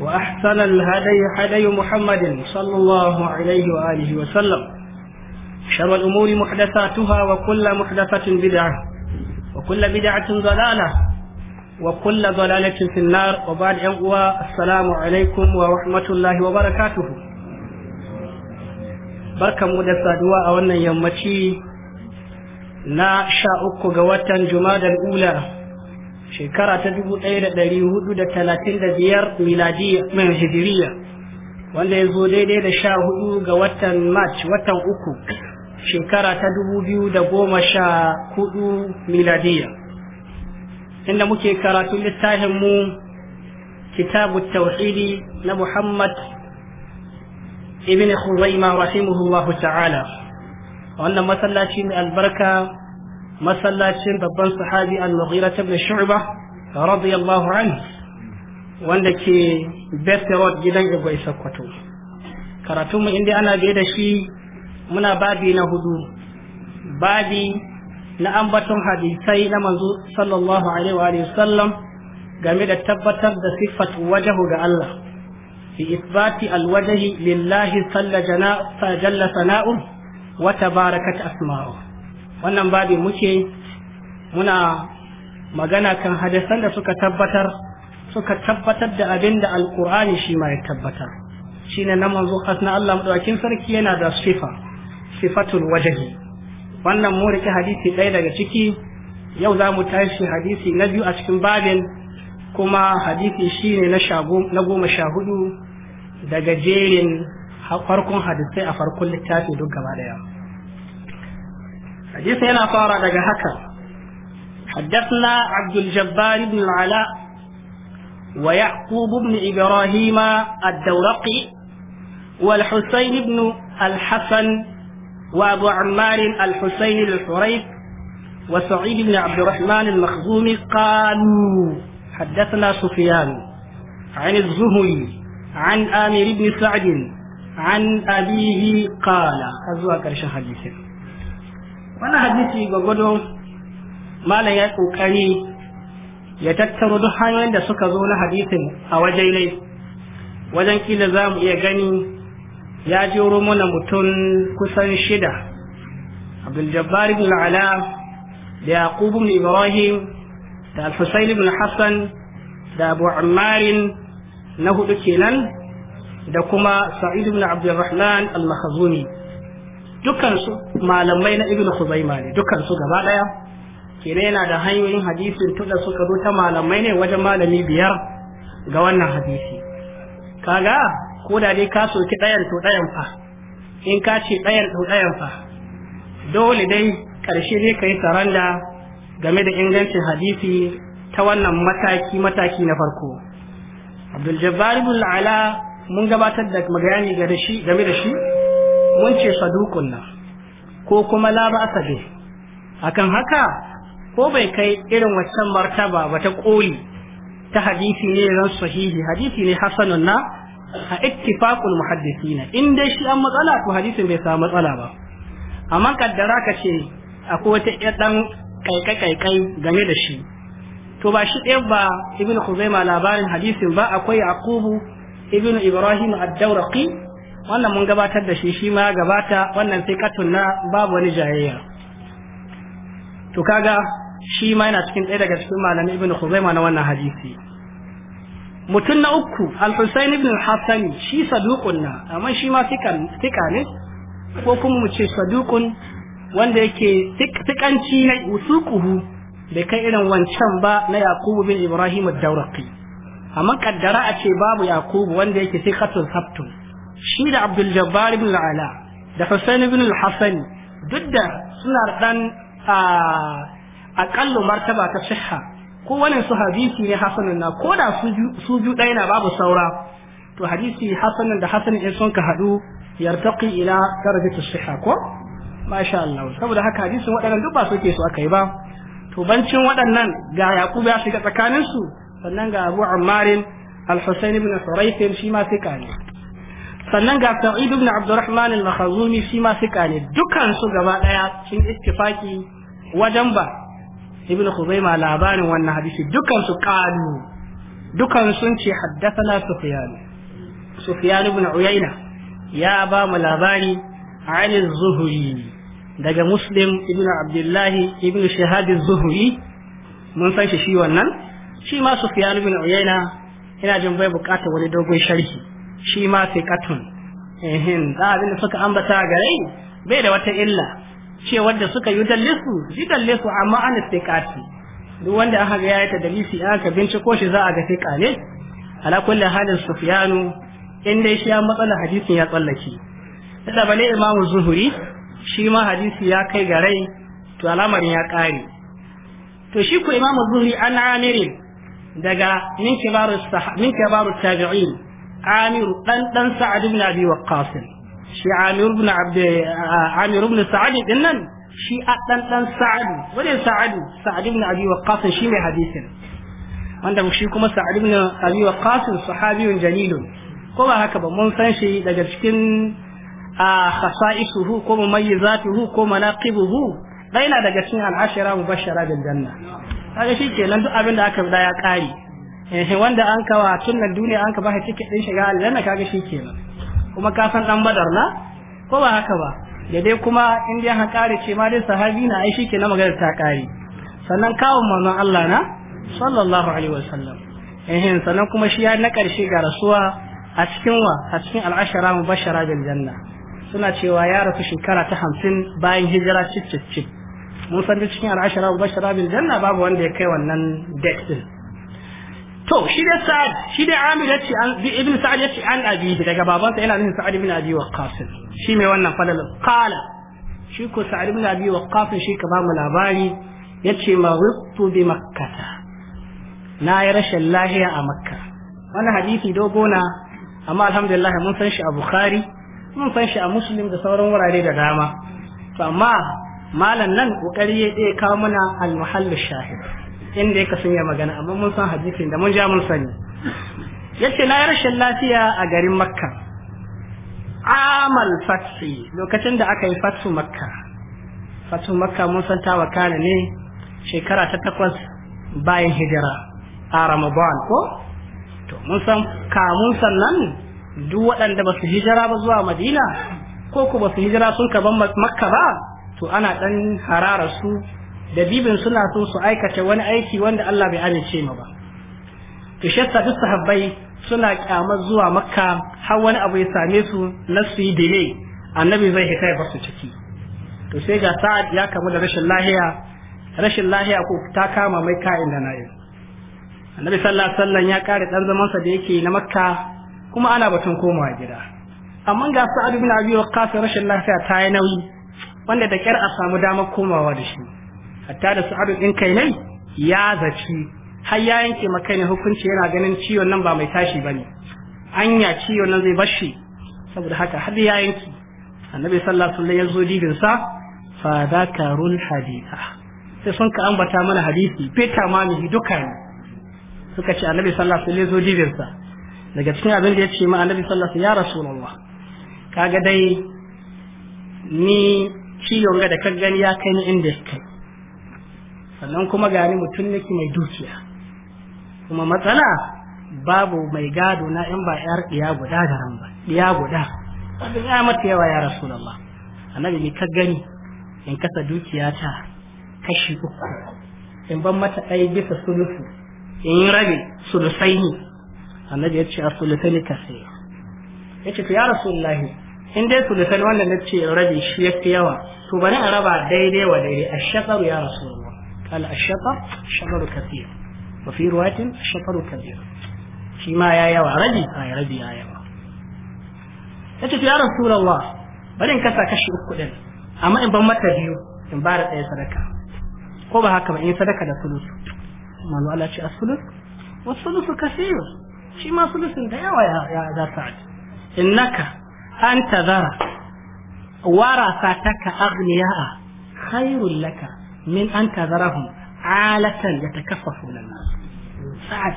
وأحسن الهدي هدي محمد صلى الله عليه وآله وسلم شر الأمور محدثاتها وكل محدثة بدعة وكل بدعة ضلالة وكل ضلالة في النار وبعد أقوى السلام عليكم ورحمة الله وبركاته بركة مدسة دواء وأن يومتي نا شاء جواتا الأولى shekara ta dubu ɗaya da ɗari hudu da talatin da biyar miladiya mai hijiriya wanda ya zo daidai da sha hudu ga watan march watan uku shekara ta dubu biyu da goma sha hudu miladiya inda muke karatun littafinmu kitabu tauhidi na muhammad ibn khuzaima rahimahullahu ta'ala wannan masallaci mai albarka masallacin babban sahabi al-mughira ibn shu'ba radiyallahu anhu wanda ke best gidan igwai sokoto karatun mu inda ana biye da shi muna babi na hudu babi na ambaton hadisai na manzo sallallahu alaihi wa sallam game da tabbatar da siffat wajahu ga Allah fi isbati alwajhi lillahi salla jalla sana'u wa tabarakat asma'u wannan babi muke muna magana kan hadisan da suka tabbatar suka tabbatar da abin da alkur'ani shi ma ya tabbatar shi ne na manzo hasna Allah madawakin sarki yana da sifa sifatul wajahi wannan mu rike hadisi ɗaya daga ciki yau za mu tashi hadisi na biyu a cikin babin kuma hadisi shi ne na goma sha hudu daga jerin farkon hadisai a farkon littafi duk gaba ɗaya حديث هنا لك دقا هكا حدثنا عبد الجبار بن العلاء ويعقوب بن إبراهيم الدورقي والحسين بن الحسن وأبو عمار الحسين الحريث وسعيد بن عبد الرحمن المخزومي قالوا حدثنا سفيان عن الزهري عن آمر بن سعد عن أبيه قال أزواج الشهادة wannan hadisi gwagwado malam ya kokari ya tattaro duk hanyoyin da suka zo na hadisin a wajen ne wajen kila za mu iya gani ya jero mana mutum kusan shida abdul-jabbar ibn ala da yaqub ibn ibrahim da al-husayn ibn hassan da abu ammarin na hudu kenan da kuma sa'id ibn abdurrahman al-mahzuni dukansu malamai na ibnu khuzaima ne dukansu gaba daya kenan yana da hanyoyin hadisin tunda suka zo ta malamai ne wajen malami biyar ga wannan hadisi kaga ko da dai ka soki dayan to dayan fa in ka ce dayan to dayan fa dole dai karshe ne kai saranda game da ingancin hadisi ta wannan mataki mataki na farko abdul jabbar ibn ala mun gabatar da magana game da shi mun ce sadukun nan ko kuma la ba akan haka ko bai kai irin waccan martaba ba ta koli ta hadisi ne ran sahihi hadisi ne hasanun na a ittifaqul na in dai shi an matsala to hadisi bai samu matsala ba amma kaddara ka ce akwai wata dan kaikai-kaikai game da shi to ba shi ɗaya ba ibn khuzaima labarin hadisin ba akwai Yakubu ibn ibrahim ad-dawraqi wannan mun gabatar da shi shi ma gabata wannan sai katun na babu wani jayayya to kaga shi ma yana cikin ɗaya daga cikin malamin ibn khuzaima na wannan hadisi mutum na uku al-husayn ibn al-hasan shi saduqun na amma shi ma tika ne ko kuma mu ce saduqun wanda yake tikanci na usuquhu bai kai irin wancan ba na yaqub bin ibrahim ad-dawraqi amma kaddara a ce babu yaqub wanda yake sai sikatun sabtun shi da Abdul Jabbar ibn Ala da Hussein ibn al-Hasan duk da suna da dan aƙallu martaba ta sihha ko wani su hadisi ne hasanun na ko da su biyu ɗaya na babu saura to hadisi hasanun da hasanun in sun ka haɗu yartaqi ila darajati sihha ko masha Allah saboda haka hadisin waɗannan duk ba su ke so aka yi ba to bancin waɗannan ga Yaqub ya shiga tsakanin su sannan ga Abu Ammarin Al-Husayn ibn Hurayth shi ma sai ne sannan ga Sa'id ibn Abdurrahman al-Makhzumi shi ma fika ne dukan su gaba daya sun ittifaki wajen ba Ibn Khuzaima labarin wannan hadisi dukansu su qalu sun ce haddathana Sufyan Sufyan ibn Uyayna ya ba mu labari an zuhri daga Muslim ibn Abdullahi ibn Shahab az-Zuhri mun san shi wannan shi ma Sufyan ibn Uyayna ina jin bai bukatar wani dogon sharhi shi ma fiqatun ehin da abin da suka ambata gare bai da wata illa ce wanda suka yi dallisu shi dallisu amma an fiqati duk wanda aka ga yayi an aka binciko shi za a ga sai ne ala kullu halin sufyanu in dai shi ya matsala hadisin ya tsallake da bale imamu zuhuri shi ma hadisi ya kai ga rai to alamarin ya kare to shi ku imamu zuhuri an amirin daga min kibaru min kibaru tabi'in amir dan dan sa'ad ibn abi waqqas shi amir ibn abd eh, amir ibn sa'ad din nan shi a dan dan sa'ad wani sa'ad sa'ad ibn abi waqqas shi mai hadisin wanda shi kuma sa'ad ibn abi waqqas sahabiyun jalilun ko ba haka ba mun san shi daga cikin a khasa'isuhu ko mumayyizatuhu ko manaqibuhu dai na daga cikin al'ashara mubashara bil janna kaga shi kenan duk abin da aka da ya kare Eh, wanda an kawa tun nan duniya an ka ba shi din shiga aljanna kaga shi kenan kuma ka san dan badar na ko ba haka ba da dai kuma in dai ha kare ce ma dai sahabi na ai shi na magana ta kare sannan kawun manzon Allah na sallallahu alaihi wasallam eh sannan kuma shi ya na karshe ga rasuwa a cikin wa a cikin al'ashara mubashara bil janna suna cewa ya rasu shekara ta hamsin bayan hijira cip cip mun san cikin al'ashara mubashara bil janna babu wanda ya kai wannan date din to shi dai sa'ad shi da amir yace an ibn sa'ad yace an abi daga babansa yana nufin sa'ad ibn abi waqqas shi mai wannan fadalan qala shi ko sa'ad ibn abi waqqas shi ka ba mu labari yace ma wittu bi makkata. na yi rashin lahiya a makka wani hadisi dogo na amma alhamdulillah mun san shi a bukhari mun san shi a muslim da sauran wurare da dama to amma malam nan kokari ya kawo mana al-muhallu shahid inda yake sun ya magana amma mun san hadisin da mun ja mun sani yace na rashin lafiya a garin makka amal fatsi lokacin da aka yi fatsu makka fatsu makka mun san tawa kana ne shekara ta takwas bayan hijira a ramadan ko to mun san kamun sannan duk waɗanda ba su hijira ba zuwa madina ko ku ba su hijira sun ka ban makka ba to ana ɗan harara su Dabibin suna so su aikata wani aiki wanda Allah bai amince ma ba to shatta sahabbai suna kyamar zuwa makka har wani abu ya same su na su yi delay annabi zai hita ya basu ciki to sai ga sa'ad ya kamu da rashin lahiya rashin lahiya ko ta kama mai ka'in da na'in annabi sallallahu alaihi wasallam ya kare dan zaman sa da yake na makka kuma ana batun komawa gida amma ga sa'ad bin abi waqqas rashin lafiya ta yi nauyi wanda da kyar a samu damar komawa da shi hatta da sa'adu din kai ne ya zaci har ya yanke maka ne hukunci yana ganin ciwon nan ba mai tashi bane anya ciwon nan zai bashi saboda haka har ya yanke annabi sallallahu alaihi wasallam ya zo dibin sa fa zakarul haditha sai sun ka ambata mana hadisi feta ma mu duka ne, suka ce annabi sallallahu alaihi wasallam ya zo dibin sa daga cikin abin da ya ce ma annabi sallallahu alaihi wasallam ya rasulullah kaga dai ni ciwon ga da kan gani ya kai ni inda ya kai sannan kuma gani mutum nake mai dukiya kuma matsala babu mai gado na in ba yar ɗiya guda da ran ba ɗiya guda abin ya mata yawa ya rasulullah annabi ni ka gani in kasa dukiya ta kashi uku in ban mata ɗaya bisa sulusu in yi rabe sulusai ne annabi ya ce a sulusai ne ka sai ya ce ya rasulullahi in dai sulusai wanda na ce rabe shi ya fi yawa to bari a raba daidai wa daidai a shakaru ya rasulullah قال الشطر الشطر كثير وفي رواية الشطر كثير فيما يا يوا ردي يا ردي يا يوا تجد يا رسول الله بدين كسر كشي أكدن أما إن بمت بيو إن بارت أي صدقة قوبة هكما إن صدقة لسلوس ما لو على شيء السلوس والسلوس كثير شيء ما سلوس إن يا يا يا سعد إنك أنت ذا ورثتك أغنياء خير لك min an tazarahum alatan yatakaffafuna nas sa'ad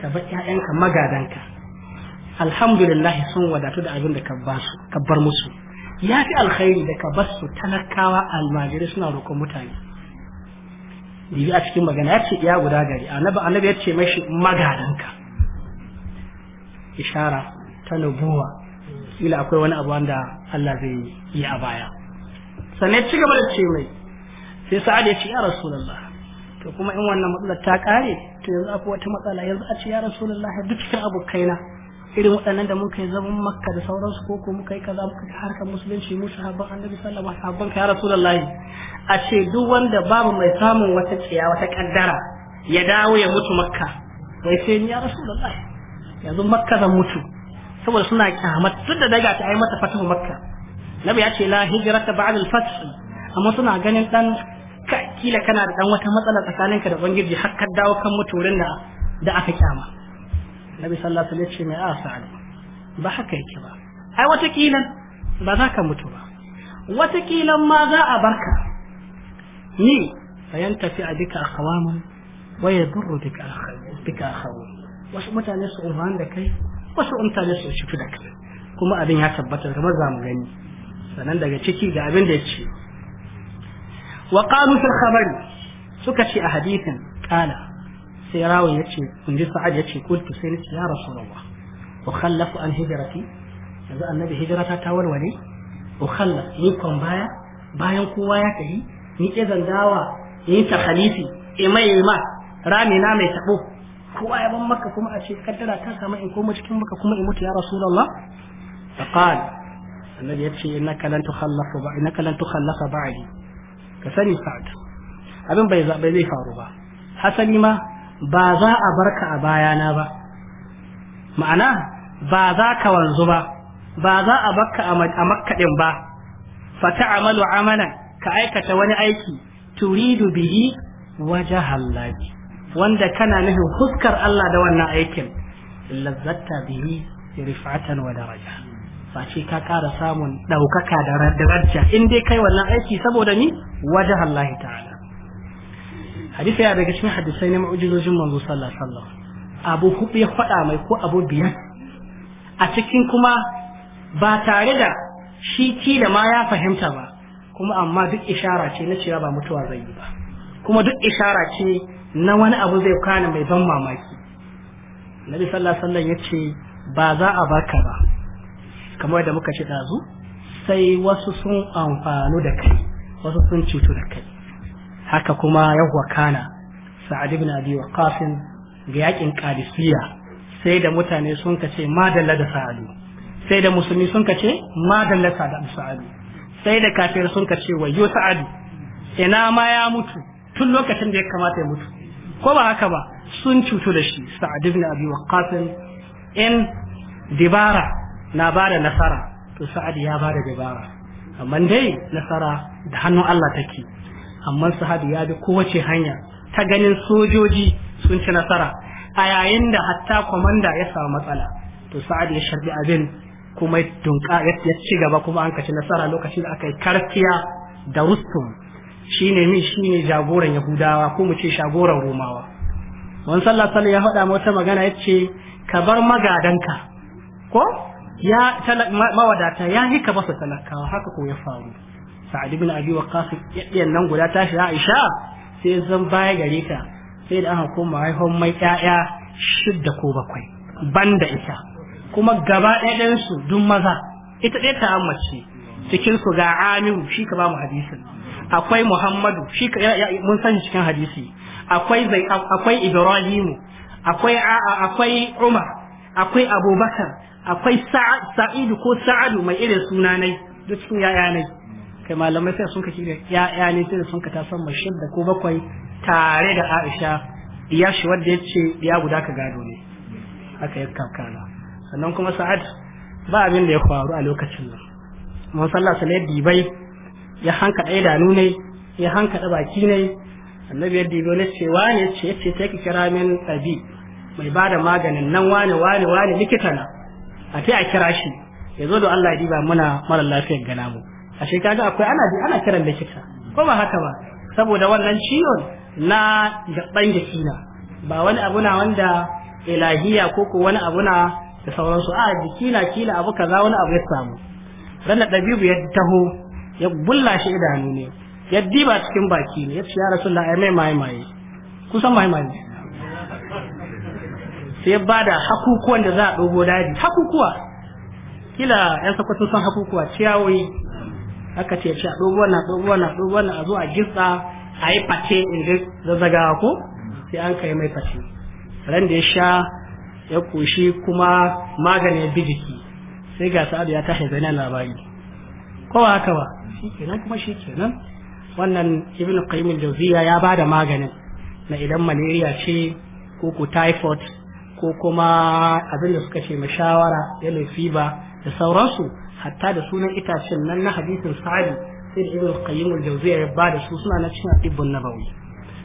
ka bar ƴaƴanka magadanka alhamdulillah sun wadatu da abin da ka ba su ka bar musu ya fi alkhairi da ka bar su talakawa almajirai suna roƙon mutane bibi a cikin magana ya ce iya guda gari annabi annabi ya ce mashi magadanka ishara ta nubuwa kila akwai wani abu wanda Allah zai yi a baya sannan ci gaba da ce mai sai sa'ad ya ce ya rasulullah to kuma in wannan matsalar ta kare to yanzu akwai wata matsala yanzu a ce ya rasulullah duk cikin abokaina irin waɗannan da muka yi zaman makka da sauransu ko ko muka yi kaza muka yi harkar musulunci mu sahabban annabi sallallahu alaihi wasallam ka ya rasulullahi a ce duk wanda babu mai samun wata tsiya wata kaddara ya dawo ya mutu makka wai sai ni ya rasulullahi yanzu makka zan mutu saboda suna kyamat duk da daga ta ai mata fatahu makka nabi ya ce la hijrata ba'da al-fath amma suna ganin dan kila kana da dan wata matsala tsakaninka da ubangiji har ka dawo kan muturin da da aka kyama nabi sallallahu alaihi wasallam ya ce mai asa ah, ba haka yake ba ai wata kilan ba za ka mutu ba wata kilan ma za a barka ni sayan tafi a duka akawamun waya duru duka akawu wasu mutane su umarni da kai wasu mutane su cutu da kai kuma abin ya tabbatar kamar za mu gani sannan daga ciki ga abin da ya ce wa qalu fil suka ce a hadisin qala sai rawi yace kunji sa'ad yace kultu sai ni ya rasulullah wa khallafu an hijrati yanzu annabi hijrata ta warware wa khallaf ni kon baya bayan kowa ya tafi ni ke zandawa ni ta khalifi imai e ma rami na mai taɓo kowa ya maka kuma a ce kaddara ta samu in koma cikin maka kuma in mutu ya rasulullah faqala annabi yace ba innaka ka sani sa'ad abin bai zaɓe zai faru ba hasali ma ba za a barka a bayana ba ma'ana ba za ka wanzu ba ba za a barka a makkaɗin ba fata amalu amana ka aikata wani aiki turidu bihi wajen hallaji wanda kana nufin huskar Allah da wannan aikin lazzatta bihi rifatan wa daraja face ka kara samun ɗaukaka da daraja in dai kai wannan aiki saboda ni waje Allah ta'ala hadisi ya daga cikin hadisai ne mu'jizojin manzo sallallahu alaihi wasallam abu hudu ya faɗa mai ko abu biyar a cikin kuma ba tare da shi ki da ma ya fahimta ba kuma amma duk ishara ce na cewa ba mutuwa zai yi ba kuma duk ishara ce na wani abu zai kwana mai ban mamaki nabi sallallahu alaihi wasallam yace ba za a baka ba kamar da muka shi ɗazu sai wasu sun amfanu da kai wasu sun cutu da kai haka kuma ya kana sa'ad ibn abi waqas ga yakin qadisiyya sai da mutane sun ka ce madalla da sa'adu sai da musulmi sun ka ce madalla da sa'adu sai da kafin sun ka ce wayyo sa'adu ina ma ya mutu tun lokacin da ya kamata ya mutu ko ba haka ba sun cutu da shi sa'ad ibn abi kafin in dibara na ba da nasara to sa'ad ya bada da dabara amma dai nasara da hannun Allah take amma sa'ad ya bi kowace hanya ta ganin sojoji sun ci nasara a yayin da hatta kwamanda ya samu matsala to sa'ad ya sharbi abin kuma dunka ya ci gaba kuma an kaci nasara lokacin da aka yi karkiya da rustum shine min shine jagoran yahudawa ko mu ce shagoran romawa wani sallah sallam ya faɗa wata magana yace ka bar magadanka ko ya mawadata ya hika masa talakawa haka ko ya faru sa'ad ibn abi waqas yaddiyan nan guda tashi Aisha sai zan baya gare ta sai da aka koma hon mai ƴaƴa shidda ko bakwai banda ita kuma gaba ɗayan su duk maza ita ɗaya ta ammace cikin su ga Amiru shi ka ba mu hadisin akwai Muhammadu shi ka mun san cikin hadisi akwai akwai Ibrahimu akwai akwai Umar akwai abubakar akwai sa'idu ko sa'adu mai irin suna nai duk cikin ya'ya ne kai malamai sai sun kashi da ya'ya ne sai sun ka tasan mai shidda ko bakwai tare da aisha ya shi wanda ya ce ya guda ka gado ne haka ya kankana sannan kuma sa'ad ba abin da ya faru a lokacin nan mun sallah salai dibai ya hanka ɗaya da nune ya hanka da baki ne annabi ya dibi wani cewa ne ce ya ce kira min abi mai ba da maganin nan wane wane wane likita na a ta a kira shi ya zo da Allah ya diba muna mara lafiyar gana mu a shekaru akwai ana ana kiran likita ko ba haka ba saboda wannan ciwon na gaban jiki na ba wani abu na wanda ilahiya ko ko wani abu na da sauransu a jiki na kila abu kaza wani abu ya samu ran da dabibu ya taho ya bulla shi idanu ne ya diba cikin baki ne ya ce ya rasulullahi mai mai mai kusan mai mai sai ya bada hakukuwan da za a dogo daji hakukuwa kila yan sakwato sun hakukuwa ciyawoyi aka ce ce a dogo wannan dogo wannan dogo wannan a zo a gitsa a yi face inda zazzagawa ko sai an kai mai face ran da ya sha ya koshi kuma maganin ya bi jiki sai ga sa'adu ya tashi zai labari kowa haka ba shi kenan kuma shi kenan wannan ibn qayyim jauziya ya bada maganin na idan malaria ce ko ko typhoid ko kuma abin da suka ce mashawara ya laifi ba da sauransu hatta da sunan itacen nan na hadisin sa'adi sai da ibn qayyim al-jawziyya ya bada su suna na cikin ibn nabawi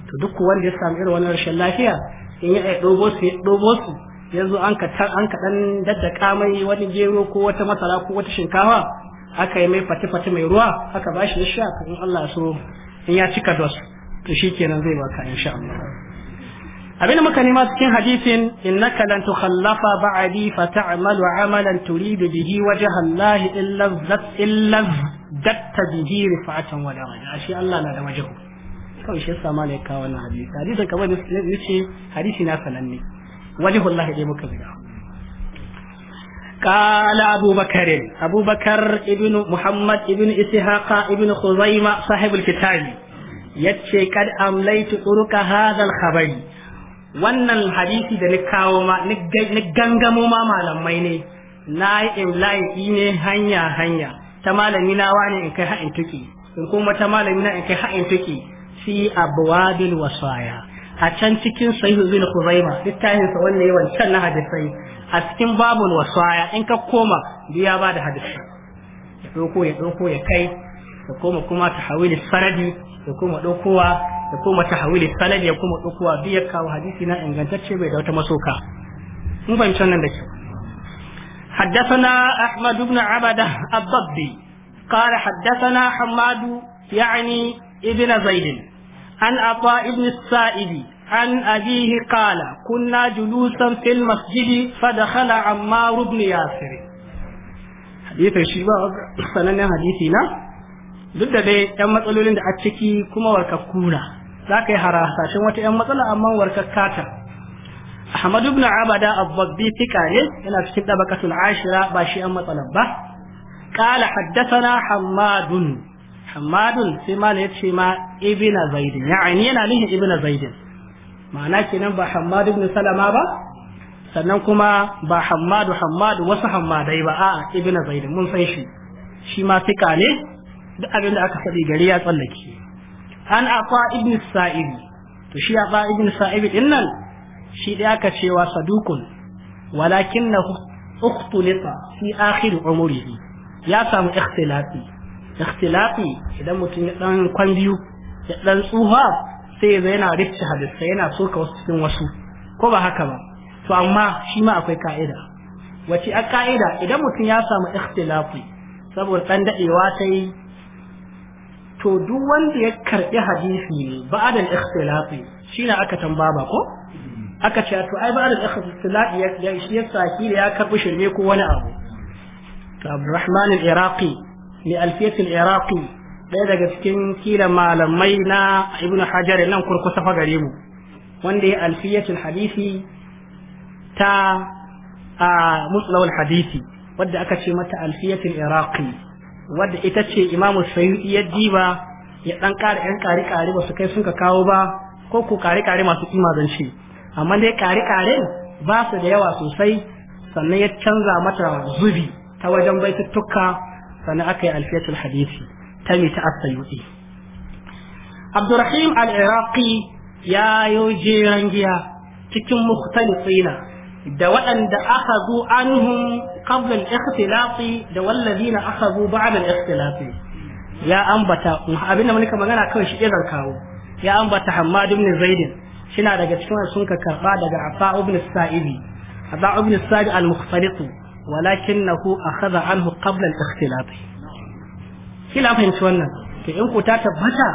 to duk wanda ya samu irin wani rashin lafiya in ya dobo su ya zo su yanzu an ka an ka dan daddaka mai wani gero ko wata masara ko wata shinkafa aka yi mai fati fati mai ruwa aka bashi ya sha in Allah so in ya cika dos to kenan zai baka insha Allah abin da muka nema cikin hadisin innaka lan tukhallafa ba'di fa ta'malu amalan turidu bihi wajha Allah illa zat illa datta bihi rifatan wa daraja ashe Allah na da wajahu kawai shi yasa malai ka wannan hadisi hadisin kamar da yace hadisi na sananne wajhu Allah dai muka ziga قال أبو بكر أبو بكر ابن محمد ابن إسحاق ابن خزيمة صاحب الكتاب يتشي قد أمليت طرق هذا الخبر wannan hadisi da ni kawo ma ni gangamo ma malamai ne na yi imla'i ne hanya hanya ta malami na wani in kai ha'in tuki in kuma ta malami na in kai ha'in tuki fi abwabil wasaya a can cikin sahihu bin khuzaima littafin sa wannan yawan wancan na hadisai a cikin babul wasaya in ka koma biya ba da hadisi ya dauko ya dauko ya kai ya koma kuma ta hawili saradi ya koma daukowa da kuma tahawili sanad ya kuma dukuwa biyar kawo hadisi na ingantacce bai da wata masoka mun fahimci wannan da kyau حدثنا أحمد بن عبدة الضبي قال حدثنا حماد يعني ابن زيد عن عطاء بن السائب عن أبيه قال كنا جلوسا في المسجد فدخل عمار بن ياسر حديث الشباب سنن حديثنا duk da dai matsalolin da a ciki kuma warkakkuna za ka yi harasashen wata 'yan matsala amma warkar kata Ahmadu ibn abada abbabbi fika ne yana cikin dabakatul ashira ba shi 'yan matsala ba haddasa na Hamadun Hamadun sai ma ya ce ma ibn ya ya'ani yana nihin ibn zaid ma'ana kenan ba Hamadu ibn salama ba sannan kuma ba Hamadu Hamadu wasu hamadai ba a'a ibina Zaidin mun san shi shi ma fika ne duk abin da aka faɗi gari ya tsallake an afa ibn sa'ibi to shi afa ibn sa'ibi din nan shi da aka cewa sadukun walakinahu ukhtulita fi akhir umrihi ya samu ikhtilafi ikhtilafi idan mutum ya dan kwan biyu ya dan tsuha sai ya yana rifta hadisi yana soka wasu cikin wasu ko ba haka ba to amma shi ma akwai ka'ida wace a ka'ida idan mutum ya samu ikhtilafi saboda dan dadewa sai to duk wanda ya karbi hadisi ne ba'da al-ikhtilafi shine aka ba ko aka ce to ai ba'da al-ikhtilafi ya shi ya saki da ya karbi shirme ko wani abu to Abdurrahman al-Iraqi li alfiyat al-Iraqi daya daga cikin kila malamai na Ibn Hajar nan kurkusa fa gare mu wanda ya alfiyatul hadisi ta a muslawul hadisi wadda aka ce mata alfiyatul iraqi wadda ita ce imamu sayu ya diba ya ɗan kare yan kare kare ba su kai sun ka kawo ba ko ku kare kare masu kima ce amma dai kare kare ba su da yawa sosai sannan ya canza mata zubi ta wajen baituttuka sannan aka yi alfiyatul hadisi ta mi ta as Abdurrahim al-Iraqi ya yi jiran giya cikin mukhtalifina da waɗanda aka zo anhum qabla ikhtilafi da wallazina aka zo ba'da al-ikhtilafi ya ambata abin da muka magana kawai shi izar kawo ya ambata Hammad ibn Zaid shina daga cikin sun ka daga Afa ibn Sa'ibi Afa ibn Sa'id al-Mukhtarit walakinahu akhadha anhu qabla al-ikhtilaf kila fahimci wannan to in ku ta tabbata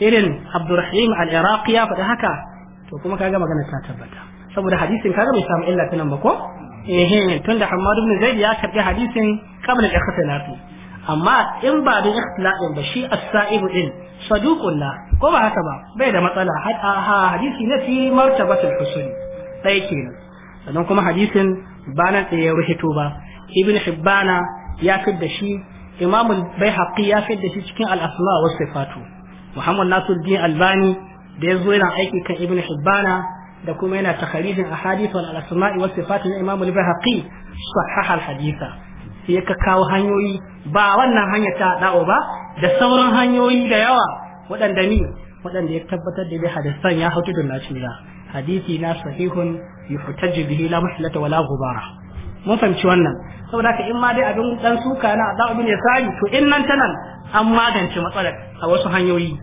irin Abdurrahim al-Iraqi ya faɗi haka to kuma kaga magana ta tabbata saboda hadisin kaga bai samu illa nan ba ko eh tunda Hammad ibn Zaid ya karbi hadisin qabla na ikhtilaf amma in ba da ikhtilafin ba shi as-sa'ibu din saduqun la ko ba haka ba bai da matsala hadisi na fi martabatul husun sai kenan sannan kuma hadisin ba nan ya ruhito ba ibn hibbana ya fidda shi imam al-baihaqi ya fidda shi cikin al-asma wa sifatu muhammad nasiruddin albani da ya zo yana aiki kan ibn hibbana da kuma yana takharijin ahadith wal asma'i was sifat na Imam al-Bahaqi sahaha al-haditha sai ka kawo hanyoyi ba wannan hanya ta da'o ba da sauran hanyoyi da yawa waɗanda ni waɗanda ya tabbatar da bi hadisan ya hautu da lafiya hadisi na sahihun yuhtaj bihi la muhlata wala ghubara mun fahimci wannan saboda ka in ma dai abin dan suka na da'o ya yasari to in nan tanan an magance matsalar a wasu hanyoyi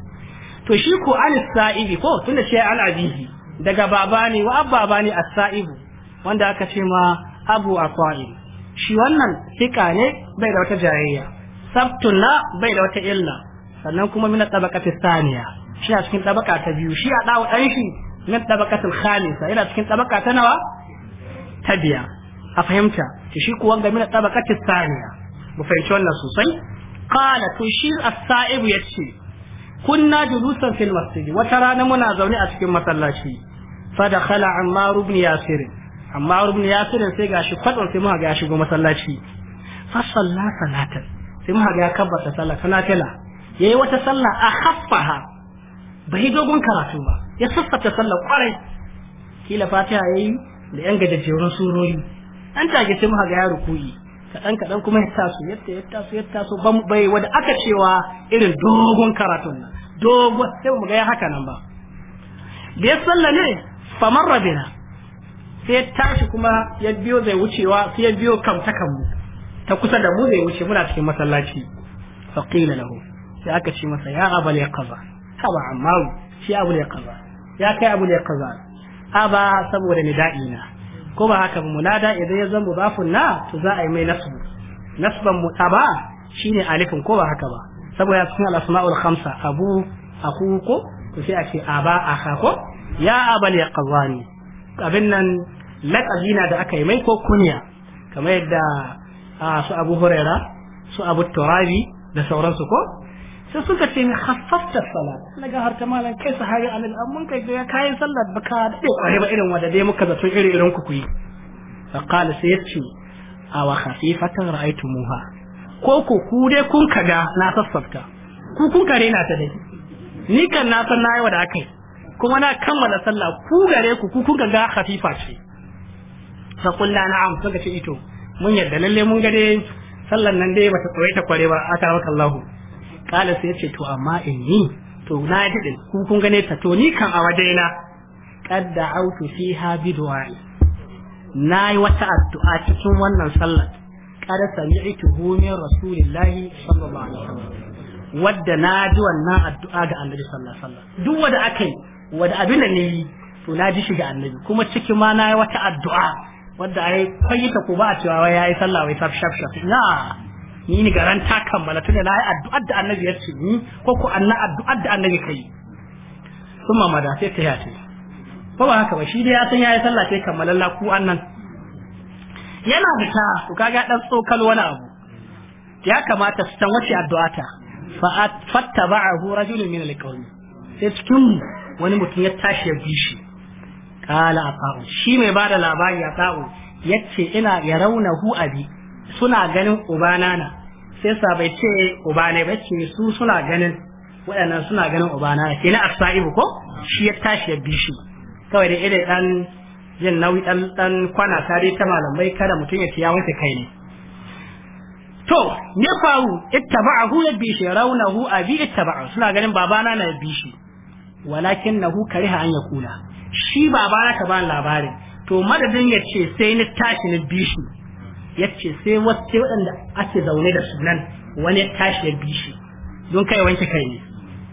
to shi ko an sa'ibi ko tunda shi an abihi daga babani wa abbabani as-sa'ibu wanda aka ce ma abu aqail shi wannan fika ne bai da wata jayayya sabtun bai da wata illa sannan kuma min tabaqati thaniya shi a cikin tabaka ta biyu shi a dawo dan shi min tabaqatil khamisa yana cikin tabaka ta nawa ta biya a fahimta shi kuwa ga min tabaqati thaniya mu fahimci wannan sosai qala to shi as-sa'ibu yace kunna julusan fil masjid wata rana muna zaune a cikin masallaci فدخل عمار بن ياسر عمار بن ياسر sai gashi kwadon sai muka ga shigo masallaci fa salla salatan sai muka ga kabbata sallah kana tela yayi wata sallah a haffaha bai dogon karatu ba ya sassafta sallah kwarai kila fatiha yayi da yan gajejjerun surori an tage sai muka ga ya ruku'i kaɗan kaɗan kuma ya taso yadda ya taso ya taso bai wanda aka cewa irin dogon karatun nan dogon sai mu ga ya haka nan ba da ya salla ne famar bina sai tashi kuma ya biyo zai wucewa sai ya biyo kam ta kanmu ta kusa da mu zai wuce muna cikin masallaci fa qila lahu sai aka ce masa ya abu abal kaza hawa amma shi abul yaqaza ya kai abu ne abul yaqaza aba saboda nida'i na ko ba haka ba munada idan ya zan mudafun na to za a yi mai nasbu nasban mutaba shine alifin ko ba haka ba saboda cikin al-asma'ul khamsa abu aku ko to sai a ce aba aka ko ya abal ya kazani. abin nan laƙabina da aka yi mai ko kunya kamar yadda su abu huraira su abu turabi da sauransu ko sai suka ce ni haffafta salat na ga harta malam kai hari anil mun kai ga kayan sallar baka dade kwarai ba irin wanda dai muka zato irin irin ku yi fa qala sai yace awa khafifatan ra'aytumuha ko ko ku dai kun kaga na sassafta ku kun kare na ta dai ni kan na san nayi wa da akai kuma na kammala sallah ku gare ku ku kuka ga khafifa ce fa kullu na'am suka ito mun yarda lalle mun ga sallan nan dai bata ta kware ba aka maka Allah kala sai yace to amma inni to na dade ku kun gane ta to ni kan a wadaina qad fiha nayi wata addu'a cikin wannan sallar rasulillahi sallallahu alaihi wasallam wadda na ji wannan addu'a ga annabi sallallahu alaihi wasallam duk wanda akai wanda abin da ne to na ji shiga annabi kuma ciki ma na yi wata addu'a wadda ai ta ko ba a cewa wai yayi sallah wai shaf shaf shaf na ni ni garan ta kammala tunda na yi addu'ar da annabi ya ce ni ko ko anna addu'ar da annabi kai kuma mada sai ta yace ko ba haka ba shi dai ya san yayi sallah sai kammalalla ku annan yana da ta to kaga dan tsokal wani abu ya kamata su san wace addu'a ta fa fattaba'ahu rajulun min al-qawmi sai cikin wani mutum ya tashi ya bi shi kala ata'u shi mai bada labari ata'u yace ina ya rauna hu abi suna ganin ubana na sai sa bai ce ubana ba ce su suna ganin waɗannan suna ganin ubana na kenan as ko shi ya tashi ya bi shi kawai da irin dan yin nauyi dan dan kwana tare ta malamai kada mutum ya tiya wata kai ne to ne faru ittaba'ahu ya bi shi raunahu abi ittaba'ahu suna ganin babana na bi shi walakin na hu kariha an ya kula shi ba bana ka ba labarin to madadin ya ce sai ni tashi ni bishi ya ce sai wasu waɗanda ake zaune da sunan wani tashi ya bishi don kai wanke kai ne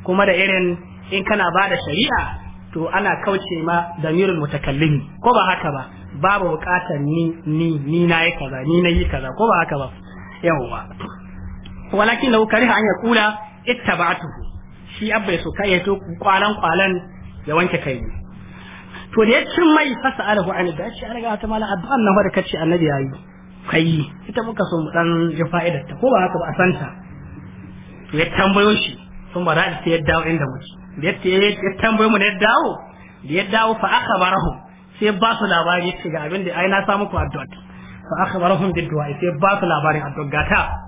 kuma da irin in kana ba da shari'a to ana kauce ma damirul mutakallimi ko ba haka ba babu bukatar ni ni ni na yi kaza ni na yi kaza ko ba haka ba yawwa walakin lau kariha an ya kula shi abba ya so kai ya to kwalan kwalan ya wanke kai ne to da ya mai fasa alahu an da shi an ga ta mala addu'an nan da kace annabi yayi kai ita muka so mu dan ji fa'idar ta ko ba haka ba a santa to ya tambayo shi sun ba da ta ya dawo inda muke da ya tambayo mu da ya dawo da ya dawo fa barahu sai ba su labari ce ga abin da ai na samu ku addu'a fa akhbarahum bid du'a sai ba su labarin addu'a gata